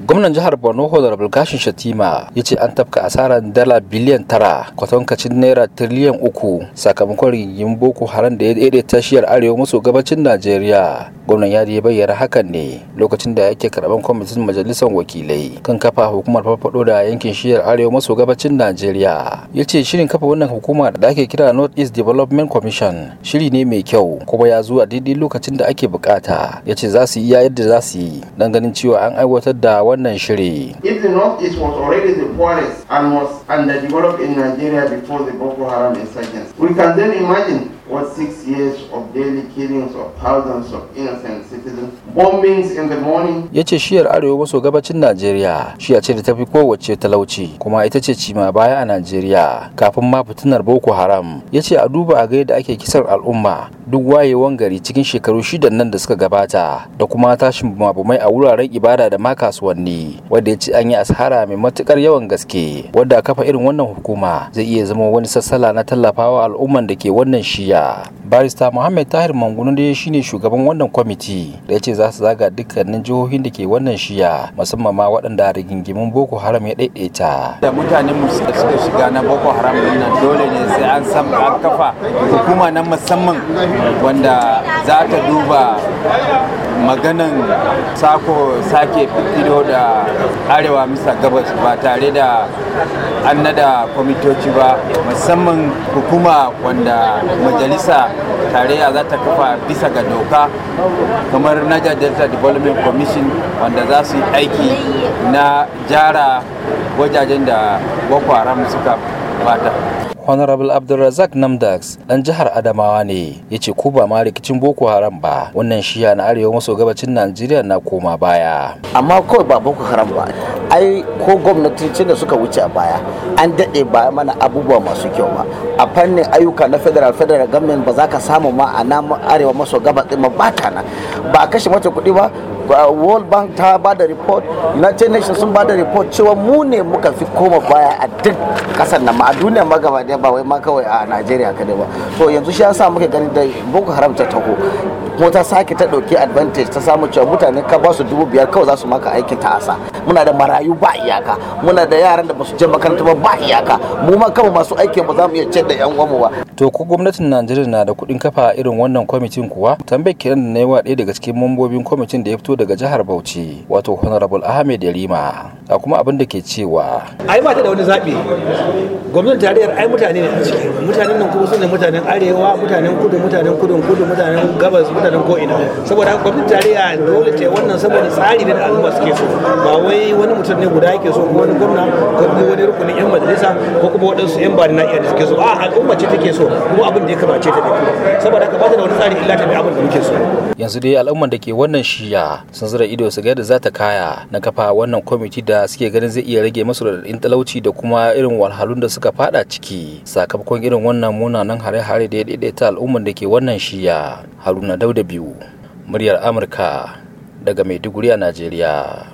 gwamnan jihar borno hodar bulgashin shatima ya ce an tafka asarar dala biliyan tara kwatankacin naira tiriliyan uku sakamakon rigin boko haram da ya daidai tashiyar arewa maso gabacin najeriya gwamnan ya ya bayyana hakan ne lokacin da yake karban kwamitin majalisar wakilai kan kafa hukumar farfado da yankin shiyar arewa maso gabacin najeriya ya ce shirin kafa wannan hukuma da ake kira north east development commission shiri ne mai kyau kuma ya zuwa daidai lokacin da ake bukata ya ce za su yi iya yadda za su yi don ganin cewa an aiwatar da wannan shiri. If the north is was already the poorest and was underdeveloped in Nigeria before the Boko Haram insurgency, we can then imagine was six years of daily killings of thousands of innocent citizens. Bombings in the morning. Ya ce shiyar arewa maso gabacin Najeriya shiya ce da ta fi kowace talauci kuma ita ce cima baya a Najeriya kafin ma fitinar Boko Haram. Ya ce a duba a ga yadda ake kisar al'umma duk wayewan gari cikin shekaru shidan nan da suka gabata da kuma tashin bumabumai a wuraren ibada da ma kasuwanni wanda ya ce an yi asara mai matukar yawan gaske wadda kafa irin wannan hukuma zai iya zama wani sassala na tallafawa al'umman da ke wannan shiya. tarayya barista muhammad tahir mangunu da shine shugaban wannan kwamiti da ya ce za su zaga dukkanin jihohin da ke wannan shiya musamman ma waɗanda rigingimin boko haram ya ɗaiɗaita da mutanen mu suka shiga na boko haram din dole ne sai an san an kafa hukuma na musamman wanda za ta duba maganan sako sake fito da arewa misa gabas ba tare da an nada kwamitoci ba musamman hukuma wanda majalisa tarayya za ta kafa bisa ga doka kamar naja Delta Development Commission wanda za su yi aiki na jara wajajen da Boko Haram suka bata honorable abdulrazak namdax dan jihar adamawa ne ya ce ku ba ma rikicin boko haram ba wannan shiya na arewa maso gabacin najeriya na koma baya amma kawai ba boko haram ba ai ko gwamnatoci da suka wuce a baya an daɗe ba mana abubuwa masu kyau ba a fannin ayyuka na federal federal government ba za ka samu ma a nan arewa maso gabas ɗin ba ta ba a kashe mata kuɗi ba world bank ta ba da report united nations sun ba da report cewa mu ne muka fi koma baya a duk kasar nan ma a duniya ma gaba daya ba wai ma kawai a nigeria kadai ba to yanzu shi yasa muka gani da boko haram ta taho kuma ta sake ta dauki advantage ta samu cewa mutane ka ba su dubu biyar kawai za su maka aikin ta'asa muna da marayu ba iyaka muna da yaran da ba su je makaranta ba ba iyaka mu ma kawai masu aikin ba za mu iya ce da yan uwanmu ba to ko gwamnatin najeriya na da kuɗin kafa irin wannan kwamitin kuwa tambayar kiran da na yi wa ɗaya daga cikin mambobin kwamitin da ya fito daga jihar Bauchi wato Honorable Ahmed Yarima a kuma abin da ke cewa ai ba ta da wani zabi gwamnatin tarayyar ai mutane ne a ciki mutanen nan kuma sune mutanen arewa mutanen kudu mutanen kudu kudu mutanen gabas mutanen ko ina saboda haka gwamnatin tarayya dole ta wannan saboda tsari ne da al'umma suke so ba wai wani mutum ne guda yake so ko wani gwamna ko wani rukunin yan majalisa ko kuma waɗansu yan bani na iya da suke so a al'umma ce take so kuma abin da ya kamace ta da saboda haka ba ta da wani tsari illa ta bi abin da muke so yanzu dai al'umman da ke wannan shiya sun zura ido su ga yadda za ta kaya na kafa wannan kwamiti da suke ganin zai iya rage masu raɗaɗin talauci da kuma irin wahalhalun da suka fada ciki sakamakon irin wannan munanan hare-hare da ya daidaita al'ummar da ke wannan shiya haruna dauda biyu muryar amurka daga maiduguri a najeriya